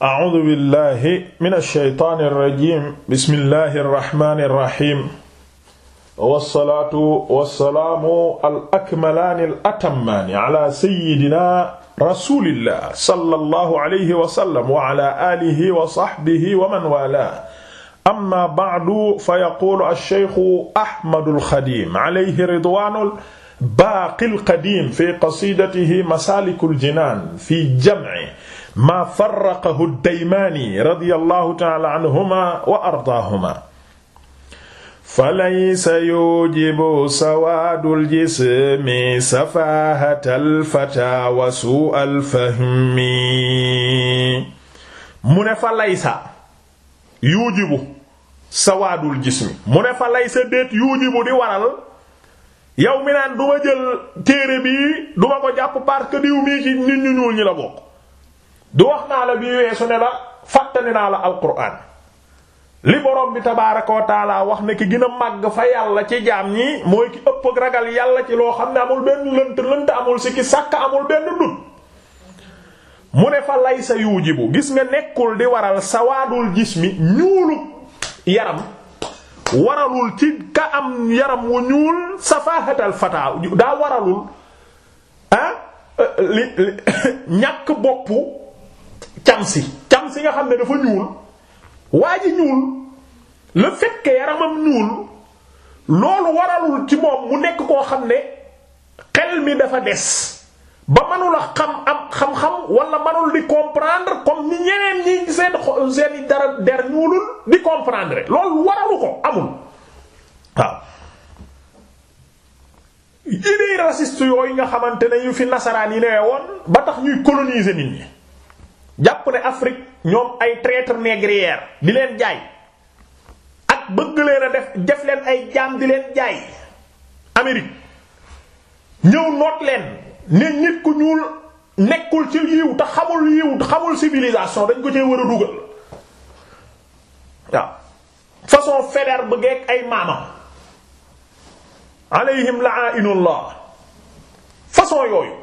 A'uuzu billaahi mina shaytaani rajiim bismillaahi rahmaani rahiim wassalaatu wassalaamu al-akmalaani al-atammaani alaa sayyidinaa rasuulillaahi sallallaahu alayhi wa sallam wa alaa aalihi wa sahbihi wa man waalaahu ammaa ba'du fayaquulu ash-shaykhu Ahmadul Xadiim alayhi ridwaanul baaqil qadiim fii qasiidatihi masaalikul jinaan fii jam'i maa farraqahu ad-Daymaani radiyallahu ta'ala anhuma wa ardaahuma falaysa yujibu sawaadul jismi safaahatal fataa wa su'al fahmi mu ne fa laysa yujibu sawaadul jismi mu ne fa laysa déet yujibu di waral yow mi naan duma jël téere bi duma ko jàpp parce que diw mii ci nit ñu ñuul ñi la bokk du wax naa la bii weesu ne la fàttali naa la alquran li borom bi tabaaraka wa wax na ki gën a màgg fa yàlla ci jaam ñi mooy ki ëpp ragal yàlla ci loo xam ne amul benn lënt lënt amul si ki sàkk amul benn dut mu ne fa lay sa bu gis nga nekkul di waral sawaadul jismi ñuulu yaram waralul ci ka am yaram wu ñuul safahatal fataa daa waralul ah ñàkk boppu camsi camsi nga xam ne dafa ñuul waa ji ñuul le fait que yaramam ñuul loolu waralul ci moom mu nekk koo xam ne xel mi dafa des ba manula xam am xam-xam wala manul di comprendre comme ni ñeneen ñi seen dara der ñuulul di comprendre loolu waralu ko amul waaw idée raciste yooyu nga xamante ne yu fi nasaraan yi ne woon ba tax ñuy coloniser nit ñi jàpp ne Afrique ñoom ay traître négrière di leen jaay ak bëgg leen a def def leen ay jaam di leen jaay Amérique ñëw noot leen ne nit ku ñuul nekkul ci yiw te xamul yiw te xamul civilisation dañ ko cee war a dugal waaw façon feder bu geeg ay maamam alayhim la'inullah façon yooyu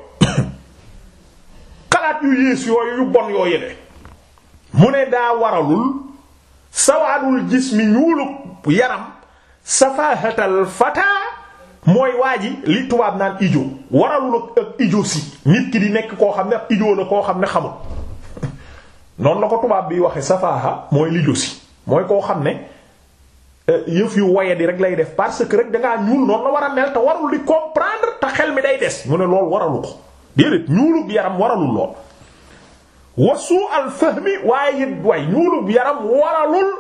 xalaat yu yées yooyu yu bon yoo yële mu ne daa waralul sawaadul jismi ñuulub yaram safahatal fataa mooy waa ji li tubaab naan ijo waralul ak ijo si nit ki di nekk koo xam ne ak ijo la koo xam ne xamul noon la ko tubaab bi waxe safaha mooy lijo si mooy koo xam ne eh, yëf yu woye di rek lay def parce que rek dangaa ñuul noonu la war a mel te warul di comprendre te xel mi day des mu ne loolu waralu ko déedéet bi yaram waralul lool wasu al fahmi waaye it way ñuulub yaram waralul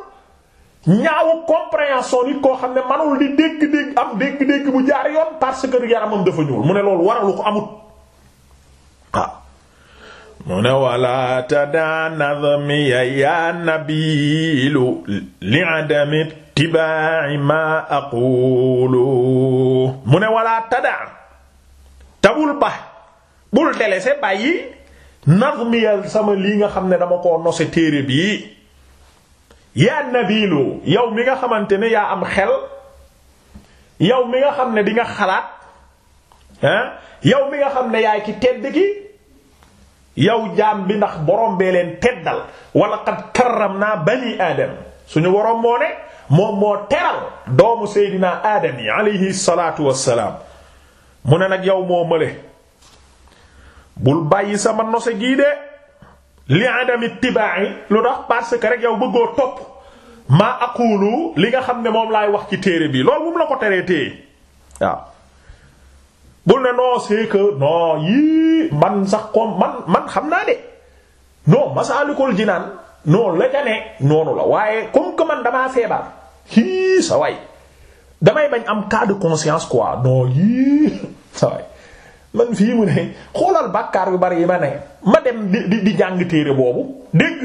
ñaawu compréhension nit koo xam ne manul di dégg-dégg am dégg-dégg bu jaar yoon parce que yaramam dafa ñuul mu ne loolu waralu ko amut waaw mu ne wala tada nadmiya ya nabilu li adami tibai ma aqulu mu ne wala tada tabul ba bul délaissé bàyyi nazmiyal sama lii nga xam ne dama koo nose téere bii yaa nabilu yow mi nga xamante ne yaa am xel yow mi nga xam ne di nga xalaat yow mi nga xam ne yaay ci tedd gi yow jaam bi ndax borom bee leen teddal wala qad karramna bani aadam suñu waroom moo ne moom moo teral doomu seydinaa aadam yi alayhi salaatu wassalaam mu ne nag yow moo mële bul bàyyi sama nose gii de li adami tibaa'i lu tax parce que rek yow bëggoo topp maa aqulu li nga xam ne moom laay wax ci téere bi loolu moom la ko teree téye waaw bul ne non c'est que yii man sax comme man man xam naa de non masaalikul jinaan non la noonu la waaye comme que man damaa feebar hii sa damay bañ am cas de conscience quoi non yii sa man fii mu ne xoolal bàkkaar yu bari yi ma ne ma dem di di jàng téere boobu dégg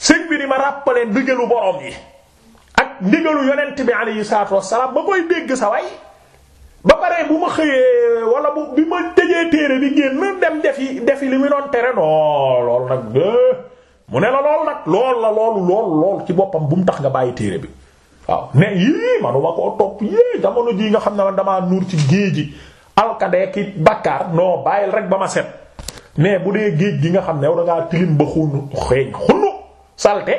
sëñ bi di ma rappeler ndigalu borom yi ak ndigalu yonent bi alayhi salaatu wassalaam ba koy dégg sa way ba pare bu ma xëyee wala bu bi ma tëjee téere bi génn dem defi defi li mu doon tere non loolu nag eh, mu ne la lool nag lool la loolu lool lool ci boppam bu mu tax nga bàyyi téere bi waaw ne yii manuma koo topp yii jamono jii nga xam ne man damaa nuur ci géej gi alkade ki bàkkaar non bàyyil rek ba ma set mais bu dee géej gi nga xam ne yow tilim ba xun xeeñ xunu salte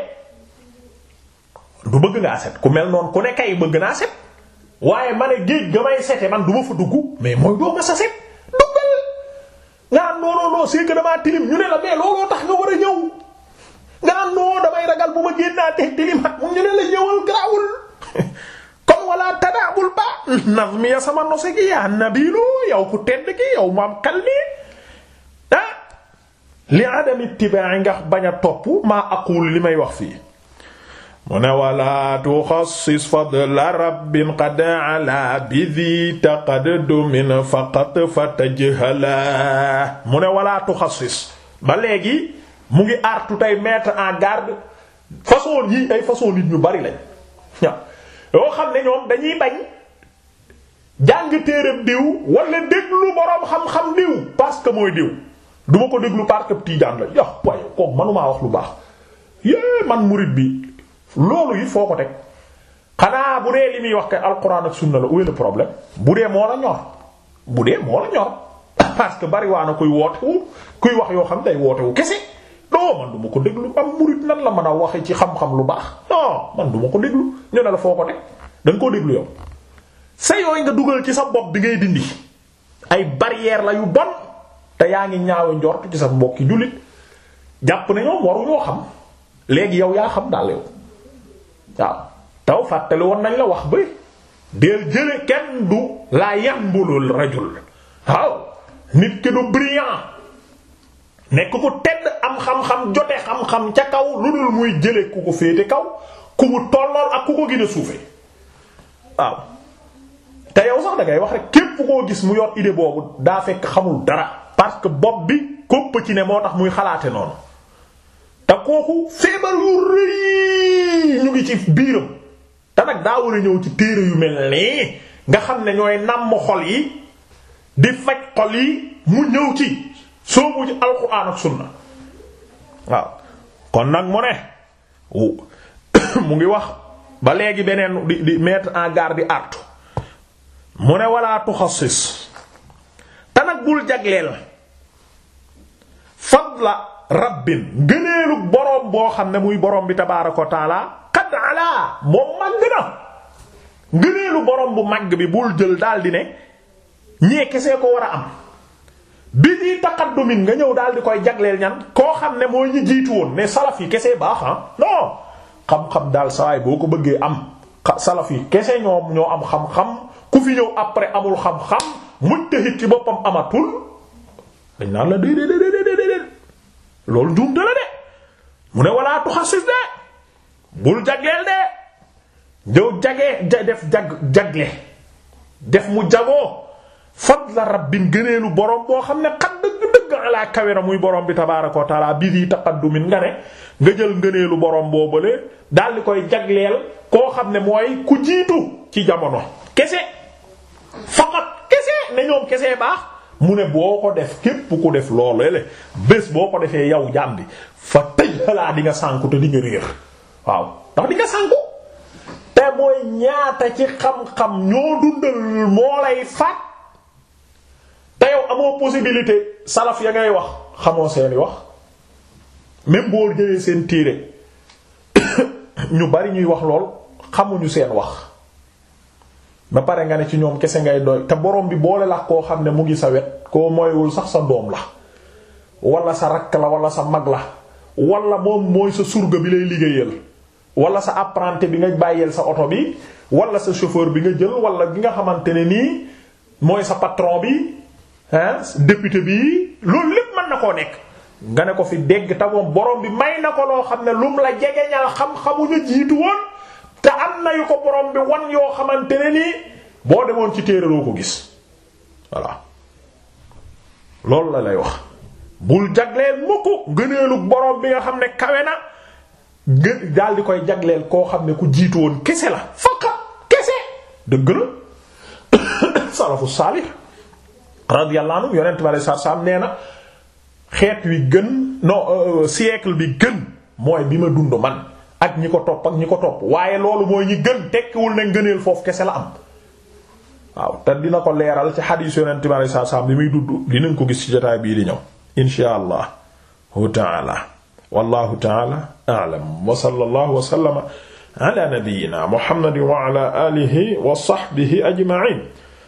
du bëgg ngaa set ku mel noonu ku ne kay bëgg naa waaye ma géej ga may sete man du fa dugg mais mooy doo ma sa set duggal nga am non non non damaa tilim ñu ne la mais looloo tax nga war a ñëw nga am non damay ragal bu ma génn te tilimaat mu ñu ne la ñëwal garaawul. wala tadaabul ba nazmiya sama nose gi yaa nabilu yow ku tedd gi yow mu am xel li adam ittiba'i nga bañ topp maa aqul li may wax fii mu ne wala tuxassis fadla rabbin qad ala bidi taqaddumin faqat fatajhala mu ne wala tuxassis ba léegi mu ngi artu tey mettre en garde façon yi ay façon nit ñu bari lañ yoo xam ne ñoom dañuy bañ jàng téereb diw wala déglu boroom xam-xam diw parce que mooy diw duma ma ko déglu parce que tiijaan la yox waaye koom manumaa wax lu baax yée man murid bi loolu yi foo ko teg xanaa bu ree li muy wax kay alxuraan ak sunna la où problème bu dee moo la ñor bu dee moo la ñor parce que bari waa na kuy wootewu kuy wax yoo xam day wootewu kese non man du ko déglu am murit nan la mën a waxe ci xam-xam lu baax non man du ko déglu ñu ne la foo ko teg da koo déglu yow sa yooyu nga dugal ci sa bopp bi ngay dindi ay barrière la yu bon te yaa ngi ñaawe njort ci sa mbokki jullit jàpp na ñoom xam léegi yow yaa xam daal yow waaw woon nañ la wax ba deel jële kenn du la yambulul rajul waaw nit ki du brillant nekk ku tedd am xam-xam jote xam-xam ca kaw lu dul muy jële ku ko féete kaw ku mu tollool ak ku ko gën a suufe waaw te yow sax da wax rek képp koo gis mu yor idée boobu daa fekk xamul dara parce que bopp bi kopp ci ne moo tax muy xalaate noonu te kooku feebar yu rëy ñu ngi ci biiram te nag daa war a ñëw ci téere yu mel nii nga xam ne ñooy nàmm xol yi di faj xol yi mu ñëw ci soobu ci alquran sunna waaw kon nag mu ne mu ngi wax ba léegi beneen di di mettre en garde di artu mu ne wala tuxassis te nag bul jagleel fadla rabbin gëneelug boroom boo xam ne muy boroom bi tabaaraka wa taala qad ala màgg na gëneelu boroom bu màgg bi bul jël daldi ne ñee kese ko war a am muqaddamin nga ñëw daal di koy jagleel ñan koo xam ne mooy ñi jiitu woon ne salaf yi kese baax ah xam-xam daal sawaay boo ko bëggee am salaf kese ñoom ñoo am xam-xam ku fi ñëw après amul xam-xam mujtahid ci boppam amatul dañ naan la loolu njuum de mu ne wala tuxassis de bul jagleel de ñëw jagee def jag jagle def mu jagoo fadla bi gëneelu borom boo xam ne xat ta'ala kawe na muy borom bi tabaaraka wa ta'ala bi di taqaddumin nga ne nga jël ngëneelu borom boobale daal di koy jagleel koo xam ne mooy ku jiitu ci jamono kese faqat kese ne ñoom kese baax. mu ne boo ko def képp ku def loolu le bés boo ko defee yow jàmbi fa tëj xalaa di nga sànku te di nga waaw ndax di nga te mooy ñaata ci xam-xam ñoo dundal moo lay faat amoo possibilité salaf ya ngay wax xamoo seeni wax même boo jëlee seen téere ñu bari ñuy wax lool xamuñu seen wax ba pare nga ne ci ñoom kese ngay doy te borom bi boole la koo xam ne mu ngi sa wet koo mooywul sax sa doom la wala sa rakk la wala sa mag la wala moom mooy sa surga bi lay liggéeyal wala sa apprenti bi nga bàyyeel sa oto bi walla sa chauffeur bi nga jël walla bi nga xamante ne nii mooy sa patron bi ah bi loolu lépp mën na koo nekk nga ne ko fi dégg ta borom bi may na ko loo xam ne lum la jegeñal xam-xamu jiitu woon te am na yu ko borom bi wan yoo xamante ne nii boo demoon ci téere doo ko gis voilà loolu la lay wax. bul jagleel mukk ngëneelu borom bi nga xam ne kawe na gë di koy jagleel koo xam ne ku jiitu woon kese la. faqat kese dëgg la salafu saalih radiyallahu anhu yonent bi alayhi salaam nee na xeet wi gën non euh, euh, siècle bi gën mooy bi ma dund man ak ñi ko topp ak ñi ko topp waaye loolu mooy ñi gën tekkiwul ne ngëneel foofu kese la am waaw te dina ko leeral ci xadiis yonent bi alayhi salaam bi muy dudd dinañ ko gis ci jotaay bii di ñëw insha allah taala wallahu taala a'lam wa sallallahu wa sallama ala